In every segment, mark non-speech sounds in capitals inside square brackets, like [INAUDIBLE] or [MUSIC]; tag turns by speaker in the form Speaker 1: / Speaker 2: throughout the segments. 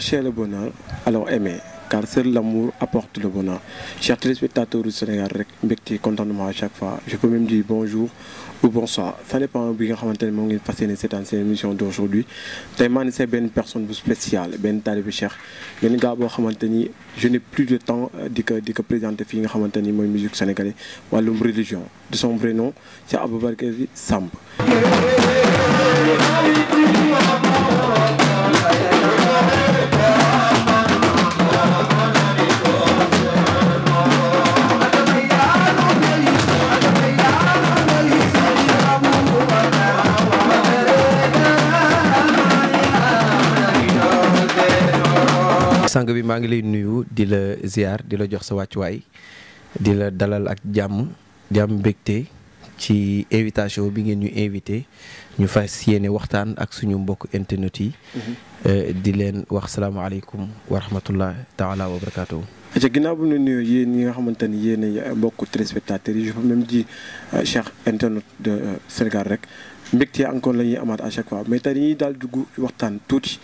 Speaker 1: cherchez le bonheur, alors aimez. car seul l'amour apporte le bonheur. Chers téléspectateurs du Sénégal rek contentement à chaque fois je peux même dire bonjour ou bonsoir ça n'est pas un de ne moo ngi cette cette émission d'aujourd'hui tellement c'est une personne spéciale Ben taalibe Cheikh benn je n'ai plus de temps de que que présenter fii nga xamante ni mooy musique sénégalaise des religion de son vrai nom c'est Aboubakry Samb
Speaker 2: sang bi maa ngi lay nuyu di la ziar di la jox sa wàccuwaay di la dalal ak jàmm jàmm begte ci invitation bi ngeen ñu invité ñu fas yéene waxtaan ak suñu mbokk internet yi. Mm-hmm. Euh, di leen wax salaamaaleykum wa rahmatullah taala wa barakaatu.
Speaker 1: ca ginnaaw bu ñu nuyoo yéen ñi nga xamante ni yéen a mbokk téléspectateurs yi je peux euh, internet de euh, Sénégal rek mbégte encore la ñuy amaat à chaque fois mais tey dañuy daal dugg waxtaan tuuti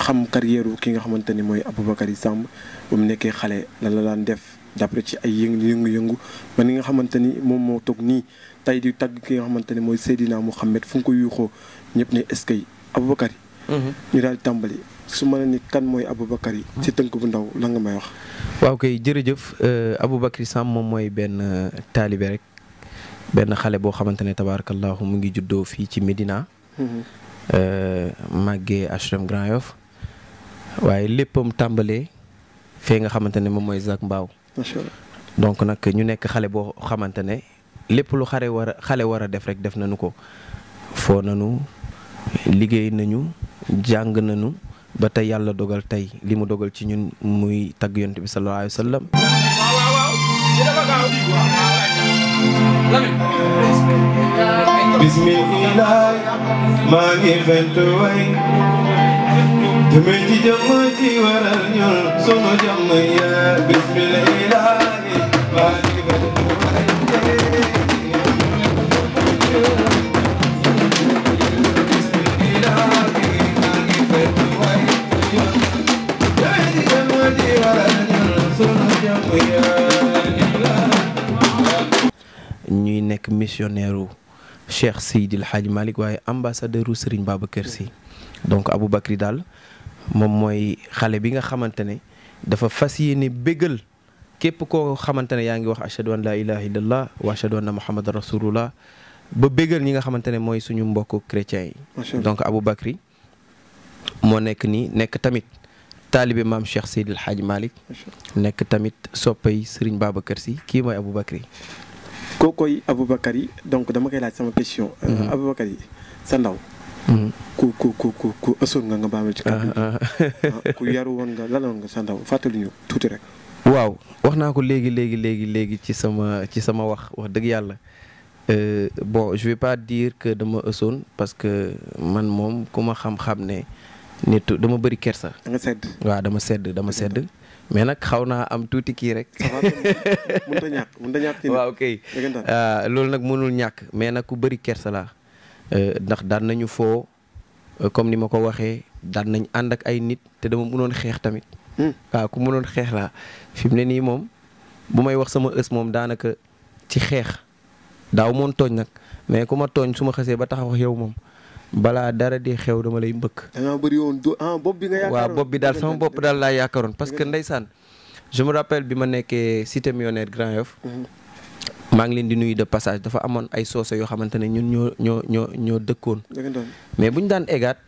Speaker 1: xam carrière ki nga xamante ni mooy Aboubacry Samb ba mu nekkee xale la la daan def d'après ci ay yëngu-yëngu man ni nga xamante ni moom moo toog nii tey di tagg ki nga xamante ni mooy mu Mouhamed fu nga ko yuuxoo ñëpp ne est-ce que Aboubacry mhm. ñu daal tàmbali su ma ne ni kan mooy Aboubacry ci tënk bu ndaw la nga may wax.
Speaker 2: waaw kay jërëjëf euh, Aboubacry Samb moom mooy benn euh, taalibe rek benn xale boo xamante ne tabaarakallahu mu ngi juddoo fii ci Medina. Mm-hmm. Euh, màggee HLM Grand Yoff waaye léppam tàmbalee fee nga xamante ne moom mooy Zac Mbao. donc nag ñu nekk xale boo xamante ne lépp lu xare war a xale war def rek def nañu ko foo nanu liggéey nañu jàng nañu. ba tey yàlla dogal tey li mu dogal ci ñun muy tagg yonent bi sallallahu alayhi ñuy nekk missionnaire u Cheikh Seydil Hadj Malick waaye ambassadeur sëriñ Serigne kër si donc abu Aboubacry daal moom mooy xale bi nga xamante ne dafa fas yéene bégal képp koo xamante ne yaa ngi wax ashadu an laa ilaha illallah wa ashadu anna muhammadan rasulullah ba béggal ñi nga xamante ne mooy suñu mbokk chrétiens yi donc Aboubacry moo nekk nii nekk tamit taalibe maam Cheikh Seydil Hadj Malick nekk tamit soppay Serigne Babacar Sy kii mooy Aboubacry
Speaker 1: Je Aboubakari, donc dama question. Euh, mhm. sa ndaw. Mhm. ku ku ku ku
Speaker 2: je vais pas dire que dama parce que man homme, xam-xam ne un dama bëri mais nag xaw naa am tuuti kii rek. waaw kay euh, loolu nag mënul ñàkk mais nag ku bëri kersa laa euh, ndax daan nañu foo euh, comme ni ma ko waxee daan nañ ànd ak ay nit te dama mënoon xeex tamit. Hmm. waaw ku mënoon xeex laa fi mu ne nii moom bu may wax sama ës moom daanaka ci xeex daaw moon tooñ nag mais ku ma tooñ su ma xasee ba taxaw yow moom. balaa dara di xew dama lay mbëkk.
Speaker 1: dañoo bëri woon ah bopp bi bi daal sama bopp
Speaker 2: daal laa yaakaaroon parce que ndeysaan je me bi ma nekkee cité millionnaire Grand Yoff. Mhm. maa ngi leen di nuyu de passage dafa amoon ay soose yoo xamante ne ñun ñoo ñoo ñoo ñoo dëkkoon. mais bu ñu daan eggaat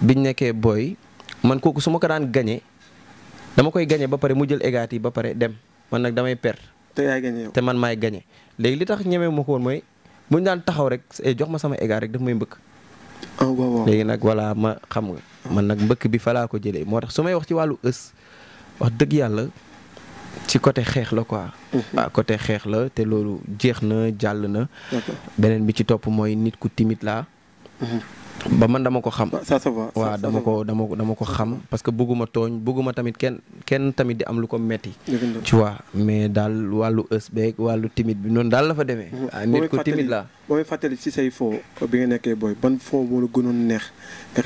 Speaker 2: biñ nekkee booy man kooku su ma ko daan gañe dama koy gañee ba pare mu jël eggaat yi ba pare dem man nag damay per te te man maay gañee léegi li tax ñeme ma ko woon mooy bu ñu daan taxaw rek eh, jox ma sama eggaat rek daf Ah, léegi nag voilà ma xam man nag mbëkk bi fa laa ko jëlee moo tax su may wax ci wàllu ës wax dëgg yàlla ci côté xeex la quoi. waaw mhm. ah, côté xeex la te loolu jeex na jàll na. beneen bi ci topp mooy nit ku timide laa. Mhm. ba man dama ko xam. ça se voit dama ko dama ko dama ko xam parce que bëgguma tooñ bëgguma tamit kenn kenn tamit di am lu ko metti tu vois mais daal wàllu ës beeg wàllu timide bi noonu daal la fa demee. Mhm. Ah, ko timide la
Speaker 1: boo fàttali si say foo bi nga nekkee booy neex nga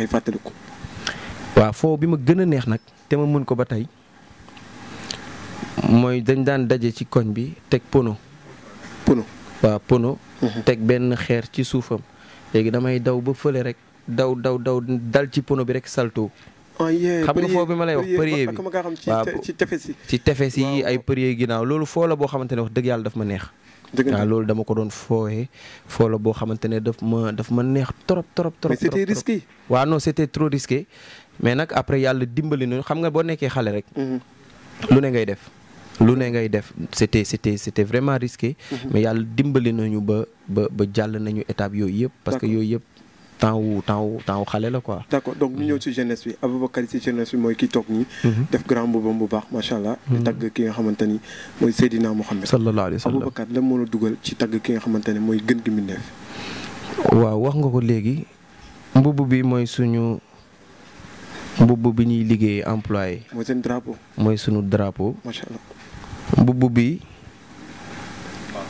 Speaker 2: koy foo bi ma gën a neex nag te ma mën ko ba tey mooy dañ daan daje ci koñ bi teg pono. pono waaw pono. Mhm. teg benn xeer ci suufam. léegi damay daw ba fële rek daw daw daw dal ci pono bi rek salto
Speaker 1: oh, xam nga foofu bi ma lay wax përie bi waaw
Speaker 2: ci tefes yi ay përie ginnaaw loolu foola boo xamante ne wax dëgg yàlla daf ma neex waaw loolu dama ko doon fooye foo la boo xamante ne daf ma daf ma neex trop
Speaker 1: trop trop mais c'était risqué
Speaker 2: waaw non c'était trop risqué mais nag après yàlla dimbali nañu xam nga boo nekkee xale rek mm-hmm. lu ne ngay def lu ne ngay def c'était c'était c'était vraiment risqué. Mhm. mais yàlla dimbali nañu ba ba ba jàll nañu étape yooyu yëpp. parce que yooyu yëpp temps wu temps wu temps wu xale la quoi.
Speaker 1: d'accord donc ñu ñëw ci jeunesse bi Aboubacar ci jeunesse bi mooy ki toog nii. Mhm. def grand boubam bu baax macha allah. di mhm. tagg ki nga xamante ni mooy Seydina Mohamed. sallallahu alayhi wa sallam Aboubacar lan moo la dugal ci tagg ki nga xamante ne mooy gën gi mu neef.
Speaker 2: waaw wax nga ko léegi mbubb bi mooy suñu. mbubb bi ñuy liggéeyee employé. mooy seen drapeau. mooy sunu drapeau. macha allah mbubb bi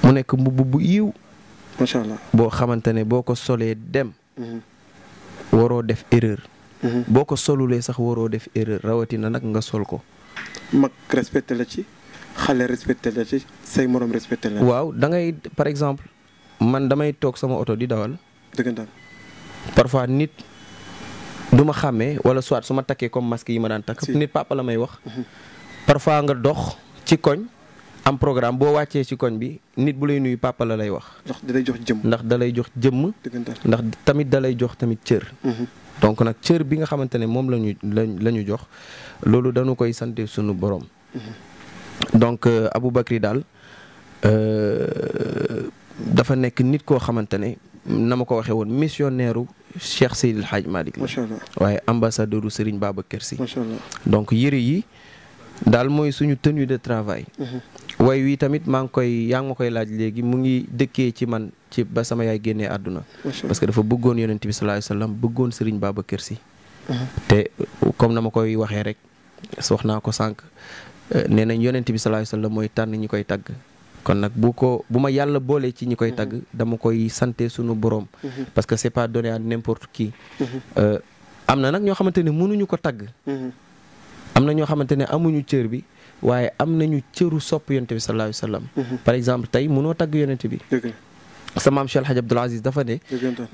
Speaker 2: mu nekk mbubb bu yiw. macha allah boo xamante ne boo ko solee dem. Mhm. waroo def erreur. Mhm. boo ko solulee sax waroo def erreur rawatina nag nga sol ko.
Speaker 1: mag respecté la ci xale respecté la ci say morom respecté la. waaw
Speaker 2: da ngay par exemple man damay toog sama oto di dawal. nit. du ma xàmmee wala soit su ma takkee comme masque yi ma daan takk. nit papa la may wax. Mhm. parfois nga dox ci koñ. am programme boo wàccee ci koñ bi nit bu lay nuyu papa la lay wax. jox da jox jëmm. ndax dalay jox jëmm. ndax tamit dalay jox tamit cër. Mhm. donc nag cër bi nga xamante ne moom la ñu la ñu jox loolu dañu koy sante suñu borom. Mhm. donc euh, Aboubacry daal euh, dafa nekk nit koo xamante ne na ma ko waxee woon missionnaire Cheikh Seydil Hadj Malick la. macha allah waaye ambassadeur u Serigne Babacar donc yëre yi daal mooy suñu tenue de travail. Mhm. way wi tamit maa ngi koy yaa ngi ma koy laaj léegi mu ngi dëkkee ci man ci ba sama yaay génnee àdduna. parce que dafa bëggoon yonent bi sa alayhi wa sallam bëggoon Serigne Babacar Sy. Mhm. te comme na ma koy waxee rek wax naa ko sànq nee nañ yonent bi sa alayhi wa sallam mooy tànn ñi koy tagg. kon nag bu ko bu ma yàlla boolee ci ñi koy tagg mhm. dama koy sante sunu borom. Mhm. parce que c'est pas donné à n'importe qui. Mhm. Euh, am na nag ñoo xamante ne mënuñu ko tagg. am na ñoo xamante ne amuñu cër bi waaye am nañu cëru sopp yonent bi sallallahu alayhi par exemple tey munoo tagg yonent bi. sama maam Cheikh El Hadj Aziz dafa ne.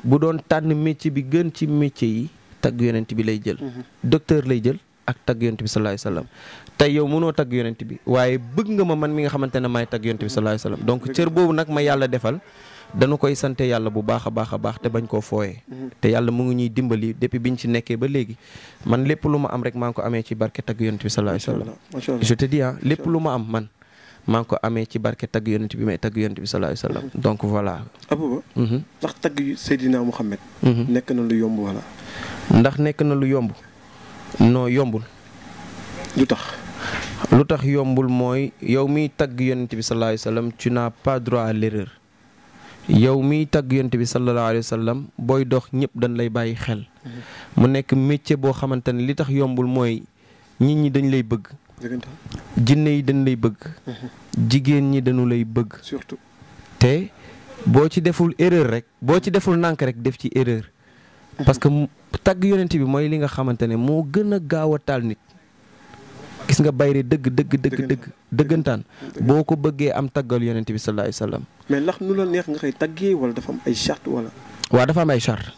Speaker 2: bu doon tànn métier bi gën ci métier yi tagg yonent bi lay jël. docteur lay jël. ak tagg yonent bi sallallahu alayhi wasallam tey yow mënoo tag yonent bi waaye bëgg nga ma man mi nga xamante ne maay tagg yonent bi sallallahu alayhi wasallam donc cër boobu nag ma yàlla defal dañu koy sante yàlla bu baax a baax a baax te bañ koo fooyee mm-hmm. te yàlla mu ngi ñuy dimbali depuis biñ ci nekkee ba léegi man lépp lu ma am rek maa ngi ko amee ci barke tagg yonent bi sallallahu alayhi wasallam je te dis lépp lu ma am man maa ngi ko amee ci barke tagg yonent bi may tagg yonent bi sallallahu alayhi wasallam mm-hmm. donc voilà
Speaker 1: Abouba mm-hmm. ndax tagg Seydina Mouhamed nekk na lu yomb wala
Speaker 2: ndax nekk na lu yomb non yombul. lu tax. lu tax yombul mooy yow miy tagg yont bi sallallahu alayhi wa sallam tu n'as pas droit à l'erreur yow miy tagg yonent bi sallallahu alayhi sallam booy dox ñëpp dañ lay bàyyi xel. Mm-hmm. mu nekk métier boo xamante ne li tax yombul mooy nit ñi dañ lay bëgg. jinne yi dañ lay bëgg. Mm-hmm. jigéen ñi dañu lay bëgg. surtout te boo ci deful erreur rek boo ci deful nànk rek def ci erreur. parce que tag yonent bi moy li nga xamantene mo gëna gën a nit gis nga bayre deug deug deug deug deugantan boko bëgge am tagal yonent bi sallallahu alayhi wasallam
Speaker 1: mais ndax nu la neex nga xey taggee wala dafa am ay charte wala
Speaker 2: wa dafa am ay charte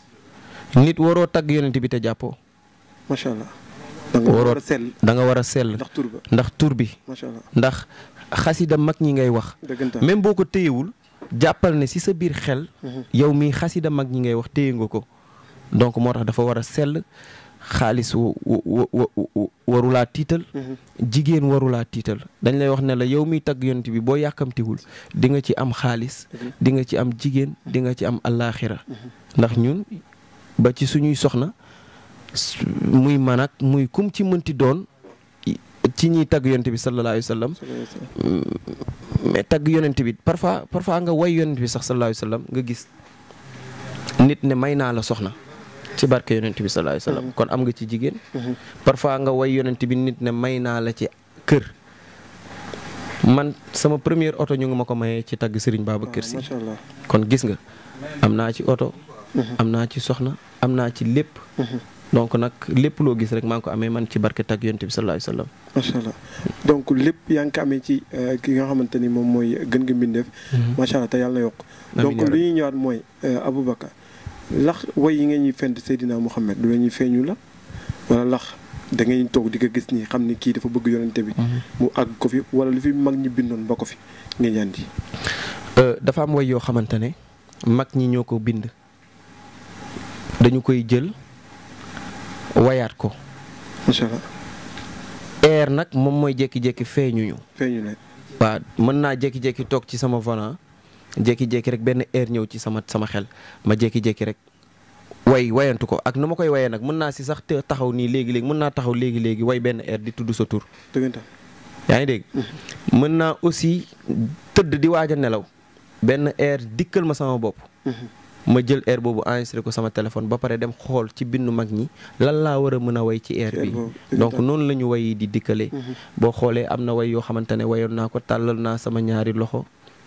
Speaker 2: nit woro tag yonent bi te jàppoo
Speaker 1: macha allah sel da nga war a sell
Speaker 2: ndax tour bi ndax xasida mak ñi ngay wax même boko teyewul jappal ne si sa bir xel mhm. yow mi xasida mak ñi ngay wax teyengoko donc moo tax dafa war a sell xaalis warulaa tiital. Mhm. jigéen warulaa tiital dañ lay wax ne la yow miy tagg yonent bi boo yàkkamtiwul di nga ci am xaalis. Mhm. di nga ci am jigéen di nga ci am allaaxira mhm. ndax ñun ba ci suñuy soxna muy man ak muy kum ci mënti doon ci ñiy tagg yonent bi sallallahu alayhi wa sallam mm, mais tagg yonent bi parfois nga way yonent bi sax sallallahu alayhi nga gis nit ne may naa la soxna. ci barke yonent bi sallallahu alayhi wasallam mm-hmm. kon am nga ci jigen mm-hmm. parfois nga way yonent bi nit ne mayna la ci keur man sama premier auto ñu ngi ko ci tag Serigne kon gis nga amna ci auto mm-hmm. amna ci soxna amna ci lepp donc nak lepp lo gis rek ko man ci barke tag yonent bi sallallahu alayhi wasallam
Speaker 1: machallah donc lepp yaa ngi ci euh, ki nga xamanteni mom moy mooy gën nga bindef machallah ta yalla yok donc li moy abou bakkar lax way yi ngeen ñuy fent Seydina Mouhamed du la ñuy feeñu la wala lax dangeen toog di ko gis nii xam ni kii dafa bëgg yonente bi. Mhm. mu àgg ko fi wala lu fi mag ñi bindoon ba ko fi nga ñaandi.
Speaker 2: Euh, dafa am way yoo xamante ne mag ñi ñoo ko bind dañu koy jël wayaat ko. incha allah. nag moom mooy jékki-jékki feeñuñu. feeñu ne. waaw mën naa jékki-jékki toog ci sama volant. Jeki jeki rek ben air ñew ci sama sama xel ma jeki jeki rek way wayantu ko ak numa koy waye nak mën na ci sax taxaw ni legi legi mën na taxaw léegi-léegi way ben air di tuddu sa tour deugenta yaay deg mm-hmm. mën na aussi teud di waja nelaw ben air dikkel ma sama bop mm-hmm. ma jël air bobu enregistrer ko sama téléphone ba pare dem xol ci bindu mag ñi lan la wara mëna way ci air bi donc non lañu ñu way di dikkelé mm-hmm. bo xolé amna na way yo xamante wayon nako talal na sama ñaari loxo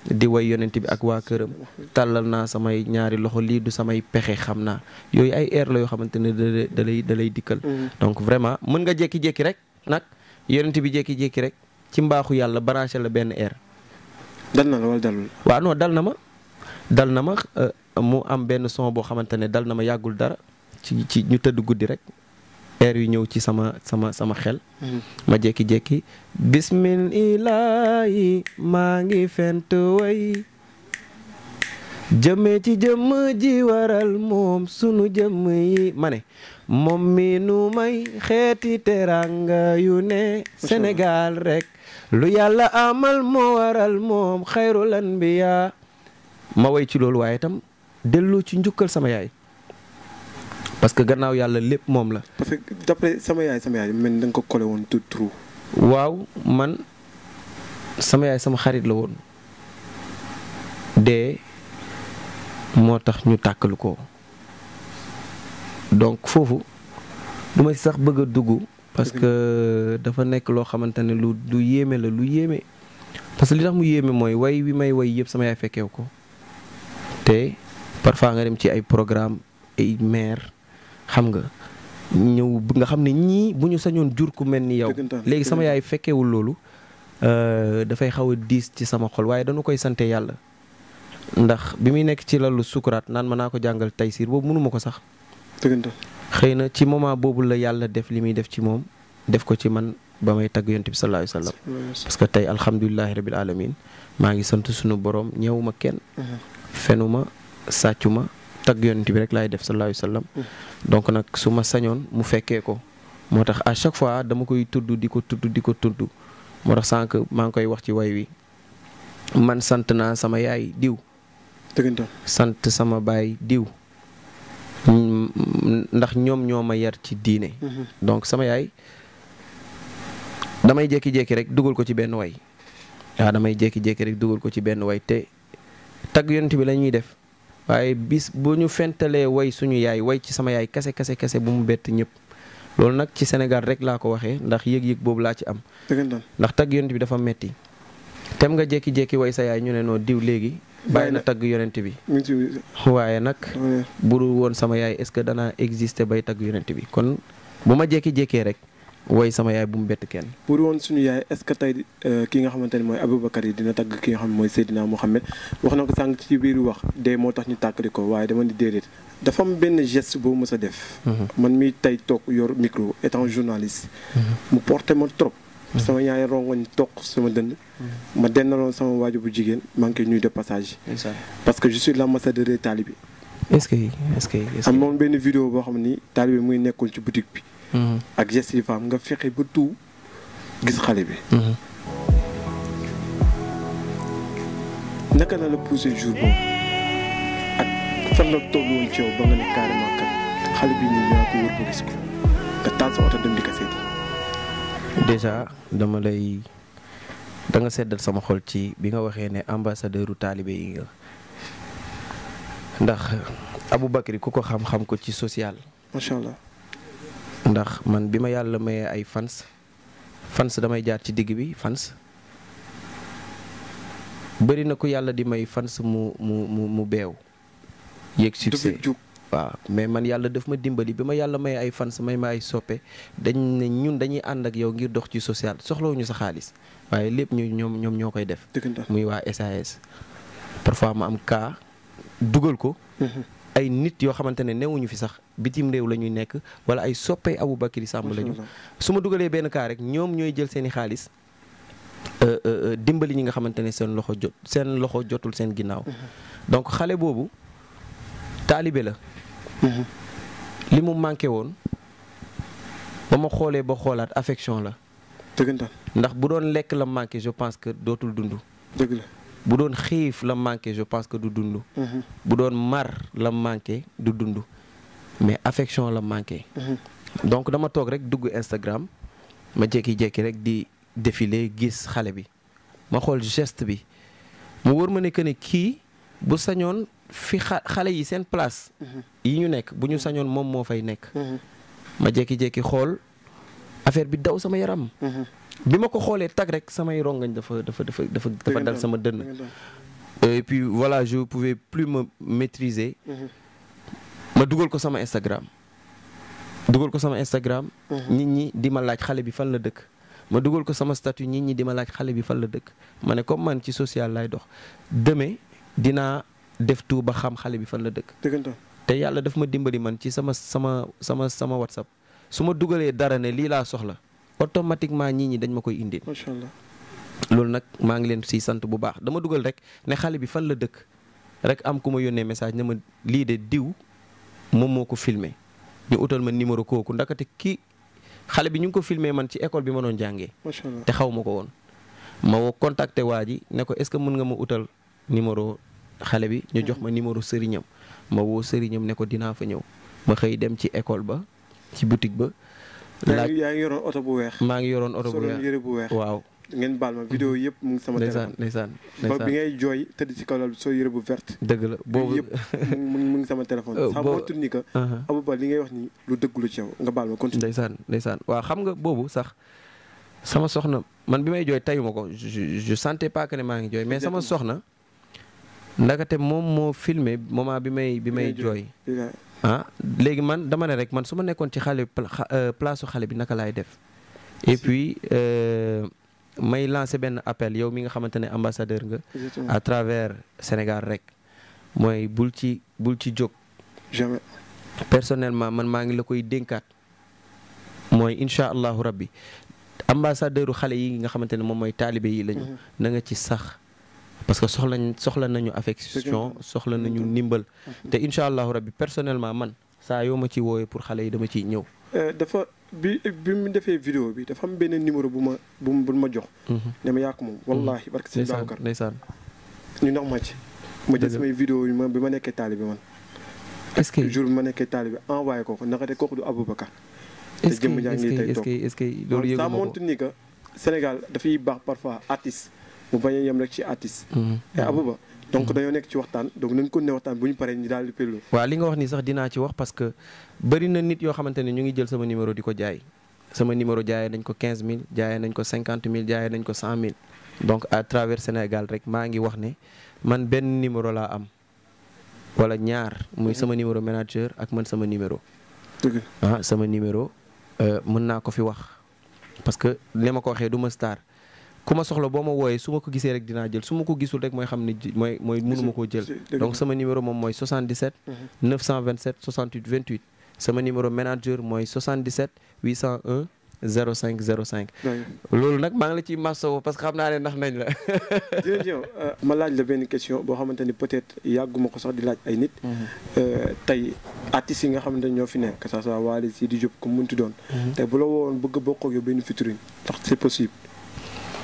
Speaker 2: di way yonent bi ak waa këram tàllal naa samay ñaari loxo lii du samay pexe xam naa yooyu ay air la yoo xamante ne da da lay dikkal mm-hmm. donc vraiment mën nga jékki-jékki rek nag yonent bi jékki-jékki rek ci mbaaxu yàlla branché la benn air dal na la wala dalul non dal na ma dal na ma euh, mu am benn son boo xamante ne dal na ma yàggul dara
Speaker 1: ci ci ñu tëdd guddi
Speaker 2: rek air yu ñëw ci sama sama sama xel hmm. ma jekki-jekki bismil ilaahi maa ngi fent way jëmee ci jëmm ji waral moom sunu jëmm yi ma moom mi nu may xeeti teranga yu ne Sénégal rek lu yàlla amal moo waral moom xayrul anbiya ma way ci loolu waaye itam delloo ci njukkal sama yaay parce que gannaaw yàlla lépp moom la.
Speaker 1: parce que d'après sama yaay sama yaay man da nga ko kole woon tout trou.
Speaker 2: waaw man sama yaay sama xarit la woon de moo tax ñu tàkkalu ko donc foofu du ma sax bëgg a dugg. parce que dafa nekk loo xamante ne lu lu yéeme la lu yéeme parce que li tax mu yéeme mooy way wi may way yëpp sama yaay fekkeew ko te parfois nga dem ci ay programme ay maire xam nga ñëw nga xam ne ñii bu ñu sañoon jur ku mel ni yow léegi sama yaay fekkewul loolu euh, dafay xaw a diis ci sama xol waaye dañu koy sante yàlla ndax bi muy nekk ci lalu sukuraat naan ma naa ko jàngal tey taysiir boobu mënuma ko sax xëy na ci moment boobu la yàlla def li muy def ci moom def ko ci man ba may tagg yonent bi sallallahu alayhi wasallam parce que tey alhamdulilahi rabbil alamin maa ngi sant sunu borom ñëw ma kenn fenuma sàccu ma tag yonent bi rek lay def sallallahu alayhi wasallam donc nak suma sañon mu fekke ko motax à chaque fois dama koy tuddu diko tuddu diko tuddu motax sank moo tax koy wax ci way wi man sant na sama yaay diw sant sama bay diw ndax ñom ñoma yar ci diine mhm. donc sama yaay damay jeki jeki rek duggal ko ci ben way waaw damay jékki-jékki rek duggal ko ci ben way te tag yonent bi lañuy def waaye bis bu ñu fentalee way suñu yaay woy ci sama yaay kase kase kase bu mu bett ñëpp loolu nag ci Sénégal rek laa ko waxee ndax yëg-yëg boobu laa ci am ndax tagg yonent bi dafa metti tem nga jékki-jékki way sa yaay ñu ne noo diw léegi bàyyi na tagg yonent bi waaye nag bu dul woon sama yaay est-ce que danaa exister bay tagg yonent bi kon bu ma jékki-jékkee rek way sama yaay bu mu bett kenn.
Speaker 1: pour woon suñu yaay est ce que euh, ki nga xamante ne mooy Aboubacar yi dina tagg ki nga xam ne mooy Seydina Mohamed wax na ko sànq ci biir wax de moo tax ñu tàkkali ko waaye dama ni déedéet dafa am benn gest boo mës a def. Mhm. man mi tey toog yor micro étant journaliste. Mhm. mu porté ma trop. Mhm. sama ñaari rongoñ toog sama dënd. ma dendaloon sama waajur bu jigéen maa ngi koy nuyu de passage. parce que je suis l'ambassadeur des talibés.
Speaker 2: est ce que est ce que.
Speaker 1: amoon benn vidéo boo xam ni talibé muy nekkoon ci boutique bi. ak geste yi faam nga fexe bu tout gis xale bi. naka la la poussé jour boobu ak fan la toll woon ci ba nga ne carrément kat xale bi nii yaa ko wër ba gis ko nga taal sa oto dem di ko
Speaker 2: dama lay da nga seddal sama xol ci bi nga waxee ne ambassadeuru taalibe yi nga ndax Aboubacry ku ko xam-xam ko ci social. ndax man bi ma yàlla mayee ay fans fans damay jaar ci digg bi fans bëri na ko yàlla di may fans mu mu mu mu beew yéeg succès waaw mais man yàlla daf ma dimbali bi ma yàlla may ay fans may ma ay soppe dañ ne ñun dañuy ànd ak yow ngir dox ci social soxlawuñu sa xaalis waaye lépp ñu ñoom ñoom ñoo koy def muy waa SAS parfois ma am cas dugal ko mhm. ay nit yoo xamante ne newuñu fi sax bitim réew la ñuy nekk wala ay soppee Aboubacry Samb lañu su ma dugalee benn cas rek ñoom ñooy jël seeni i xaalis euh, euh, euh, dimbali ñi nga xamante ne seen loxo jot seen loxo jotul seen ginnaaw mhm. donc xale boobu taalibe la mhm. li mu manqué woon ba ma xoolee ba xoolaat affection la dëggantaan ndax bu doon lekk la manqué je pense que dootul dund bu doon xiif la manqué je pense que du dund. Mhm. bu doon mar la manqué du dund mais affection la manqué. Mhm. donc dama toog rek dugg Instagram ma jékki-jékki rek di défilé gis xale bi ma xool geste bi mu wër ma ne que ne kii bu sañoon fi xale yi seen place. Mhm. yi ñu nekk bu ñu sañoon moom moo fay nekk. ma jékki-jékki xool affaire bi daw sama yaram. Je je ko pouvais tag me suis rongañ dafa dafa dafa dafa et puis voilà je ne pouvais plus me maîtriser
Speaker 1: mm-hmm.
Speaker 2: ma pas ko sama Instagram ne ko pas Instagram mm-hmm. nit ñi ne pouvais que me bi fan la pouvais ma me statut nit ñi me maîtriser. Je ne bi fan la maîtriser. Je ne comme man ci social pouvais dox demee dinaa def tout ba xam xale bi fan la dëkk te yàlla ma dimbali man ci sama sama WhatsApp dara ne pouvais automatiquement ñii ñi dañ ma koy indil. macha loolu nag maa ngi leen siy sant bu baax dama dugal rek ne xale bi fan la dëkk rek am ku ma yónnee message ne ma lii de diw moom moo ko filmé ñu utal ma numéro kooku ndakate ki xale bi ñu ngi ko filmé man ci école bi ma doon jàngee. macha allah te xaw ma ko woon. ma woo contacté waa ji ne ko est-ce que mën nga ma utal numéro xale bi ñu jox ma mhm. numéro sëriñam ma woo sëriñam ne ko dinaa fa ñëw ma xëy dem ci école ba ci boutique ba.
Speaker 1: yaa yaa ngi yoroon oto bu weex. maa ngi yoroon oto bu bu weex. waaw ngeen baal ma vidéo yëpp mu ngi sama. téléphone ndeysaan ndeysaan ba bi ngay jooy tëdd ci kaw lal soo bu verte. dëgg la boobu yëpp mu mu ngi sama téléphone. [LAUGHS] boo xam [LAUGHS] uh-huh. li ngay wax nii lu dëgg lu nga baal ma
Speaker 2: continue. ndeysaan ndeysaan waaw xam nga boobu sax sama soxna man bi may jooy tayuma ko je je sentais pas maa ngi jooy mais sama soxna. ndakate moom moo filmé moment bi may bi may jooy. ah léegi man dama ne rek man su ma nekkoon ci xale euh, place xale bi naka laay def et puis euh, may lancé benn appel yow mi nga xamante ne ambassadeur nga. à travers Sénégal rek mooy bul ci bul ci jóg. jamais personnellement man maa ngi la koy dénkaat mooy incha allahu rabbi ambassadeuru xale yi nga xamante ne moom mooy taalibe yi lañu. Mm-hmm. na nga ci sax. parce que soxla soxla nañu affection soxla nañu ndimbal te incha allahu rabbi personnellement man saa yoo ma ci woowee pour xale yi dama ciy ñëw.
Speaker 1: Euh, dafa bi bi mu defee vidéo bi dafa am benn numéro bu ma bu ma jox. dama mhm. yàq moom wallaahi barke ñu ma ci. ma jël samay vidéo yi ma bi ma nekkee taalibe man. est ma nekkee taalibe envoyé ko ko naka de kooku du Aboubacar.
Speaker 2: est-ce que est-ce
Speaker 1: que Sénégal dafay baax parfois artiste. mu bañ a yem rek ci artiste et hmm. ya, abuba donc hmm. dañoo nekk ci waxtaan donc nañ ko ne waxtaan bu ñu paree ñu di pello
Speaker 2: waaw li nga wax ni sax dinaa ci wax parce que bëri na nit yo xamante ne ñu ngi jël sama numéro di ko jaay sama numéro jaayee nañ ko 15 000 jaayee nañ ko 50 000 jaayee nañ ko 100 000 donc à travers Sénégal rek maa ngi wax ne man ben numéro laa am wala ñaar muy hmm. sama numéro manager ak man sama numéro ah sama numéro euh, mën naa ko fi wax parce que li ma ko waxee du ma star ku ma soxla boo ma wooyee su ma ko gisee rek dinaa jël su ma ko gisul rek mooy xam ne mooy ma koo jël donc sama numéro moom mooy 77 927 68 28 sama numéro manager mooy 77 801 05 05 loolu nag maa ngi la ciy masawu parce que xam naa ne
Speaker 1: ndax nañ la [LAUGHS] jërëjëf euh, ma laaj la benn question boo xamante ni peut-être ko sax di mhm. euh, fi nekk que ça soit Wally doon mhm. tey bu la woon bëgg a bokk ak benn featuring ndax c'est possible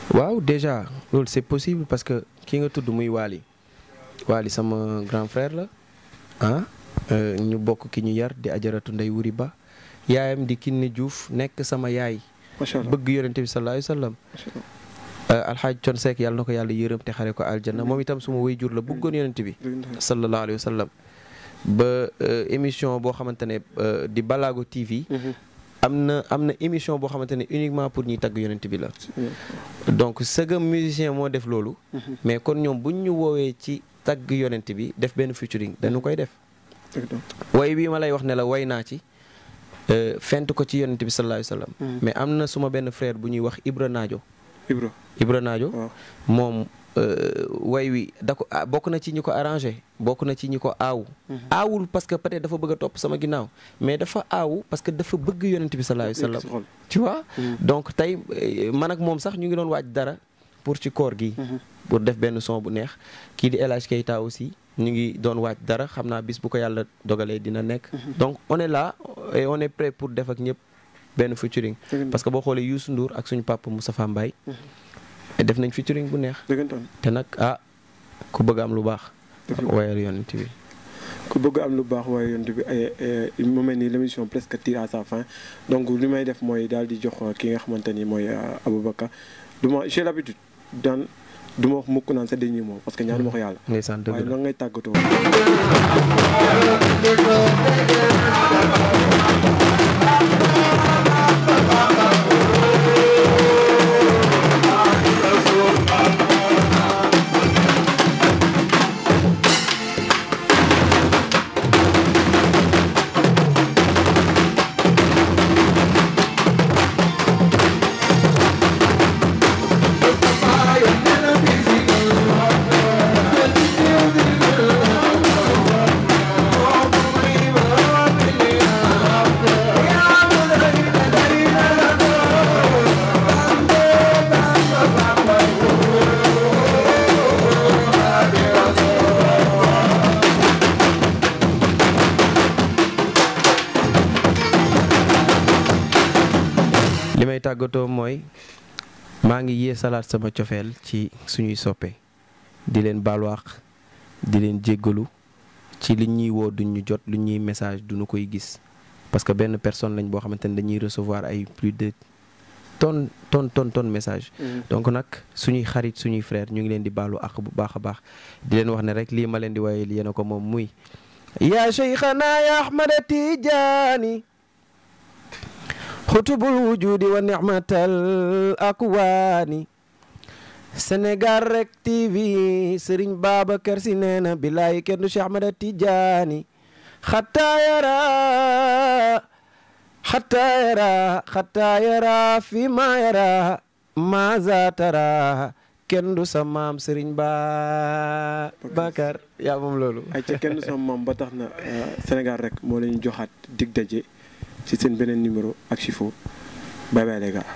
Speaker 2: waaw déjà loolu c'est possible parce que ki nga tudd muy Waly Waly sama grand frère la ah euh, ñu bokk ki ñu yar di ajaratu ndey wuri ba yaayam di Kiné Diouf nekk sama yaay. macha allah bëgg yonente bi sallallahu alayhi sallam. alxaaj euh, Thione Seck yàlla na ko yàlla yërëm te xare ko aljana moom itam suma jur la bëggoon yonente bi. sallallahu alayhi ba euh, émission boo xamante ne di Balago TV. Mm-hmm. am na am na émission boo xamante ne uniquement pour ñuy tagg yonent bi la donc sëgam musicien moo def loolu mais kon ñoom buñ ñu woowee ci tagg yonent bi def benn featuring dañu koy def way bii ma lay wax ne la way naa ci euh, fent ko ci yonent bi sallallahu alayhi wasallam mm. mais am na suma benn frère bu ñuy wax Ibra Naajo Ibra Naajo moom way euh, oui. da ah, ci ñi ko arrangé bokk ci ñi ko aaw mhm. parce que peut-être dafa bëgg a sama ginnaaw mais dafa aaw parce que dafa bëgg yonent bi sallallahu alayhi wasallam tu vois mhm. donc tay eh, man ak mom sax ñu ngi doon waaj dara pour ci koor gi mhm. pour def ben son bu neex ki di El Keita aussi ñu ngi doon waaj dara xamna bis bu ko yalla dogalé dina nekk donc on est là et on est prêt pour def ak ñep ben featuring parce que bo xolé Youssou Ndour ak suñu papa Moustapha Mbaye def nañ featuring bu neex. te nag ah ku bëgg am lu baax. wayal yonent bi
Speaker 1: ku bëgg am lu baax waaye yont bi ay mu mel ni l'émission presque tire à sa fin donc li may def mooy daal di jox ki nga xamante ni mooy euh, Aboubacar du ma j'ai l'habitude daan du ma wax mukk naan sa dernier mot parce que ñaanu ma ko yàlla. waaye lan ngay tàggatoo.
Speaker 2: salaat sama cofeel ci suñuy soppe di leen baaluwaax di leen jéggalu ci li ñuy woo duñu jot lu ñuy message duñu koy gis parce que benn personne lañ boo xamante ne dañuy recevoir ay plus de ton tonne tonne message mm. donc nag suñuy xarit suñuy frère ñu ngi leen di baalu ak bu baax a baax di leen wax ne rek lii ma leen di waaye yéena ko moom muy yaa cheikhana ya ahmada tijaani xutubul wujudi wa nicmatal akwaani Sénégal rek TV Serigne Babacar Sy nee na bilaay kenn du Cheikh Ahmada Tidiane xataa yara xataa yara xataa fi ma yara maza tara kenn du sa maam Serigne yaa moom loolu ay ca kenn du sa
Speaker 1: na euh, Sénégal rek moo joxaat dig daje ci seen beneen numéro ak Chifo bye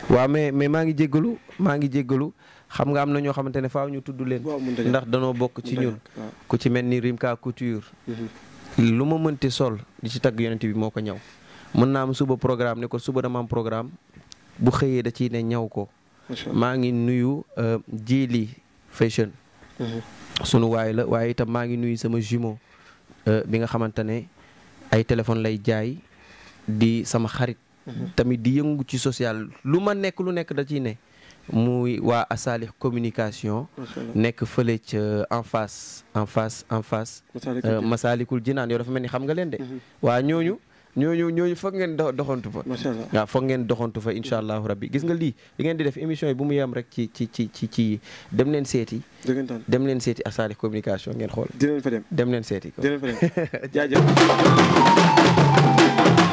Speaker 1: waaw mais mais maa ngi jéggalu maa ngi jéggalu xam nga am na
Speaker 2: ñoo xamante ne faaw ñu tudd leen. ndax danoo bokk ci ñun. ku ci mel ni Rimka Couture. Mm-hmm. lu ma mënti sol di ci tagg yonent bi moo ko ñaw. mën naa am suba programme ne ko suba dama am programme bu xëyee da ciy ne ñaw ko. maa ngi nuyu euh, Jili Fashion. Mm-hmm. sunu waay la waaye itam maa ngi nuyu sama jumeau euh, bi nga xamante ne ay téléphone lay jaay. di sama xarit. Mhm. tamit di yëngu ci social lu ma nekk lu nekk da ciy ne. muy waa Asalih communication. nekk fële ca euh, en face en face en face. Masalikul euh, Jinaan yow dafa mel ni xam nga leen de. Mhm. waa ñooñu ñooñu ñooñu foog ngeen doxantu fa. macha allah waaw foog ngeen doxantu fa incha allahu rabbi gis nga lii li ngeen di def émission yi bu mu yem rek ci ci ci ci ci dem leen seeti. dem leen seeti Asalih communication ngeen xool. dem leen seeti
Speaker 1: [LAUGHS]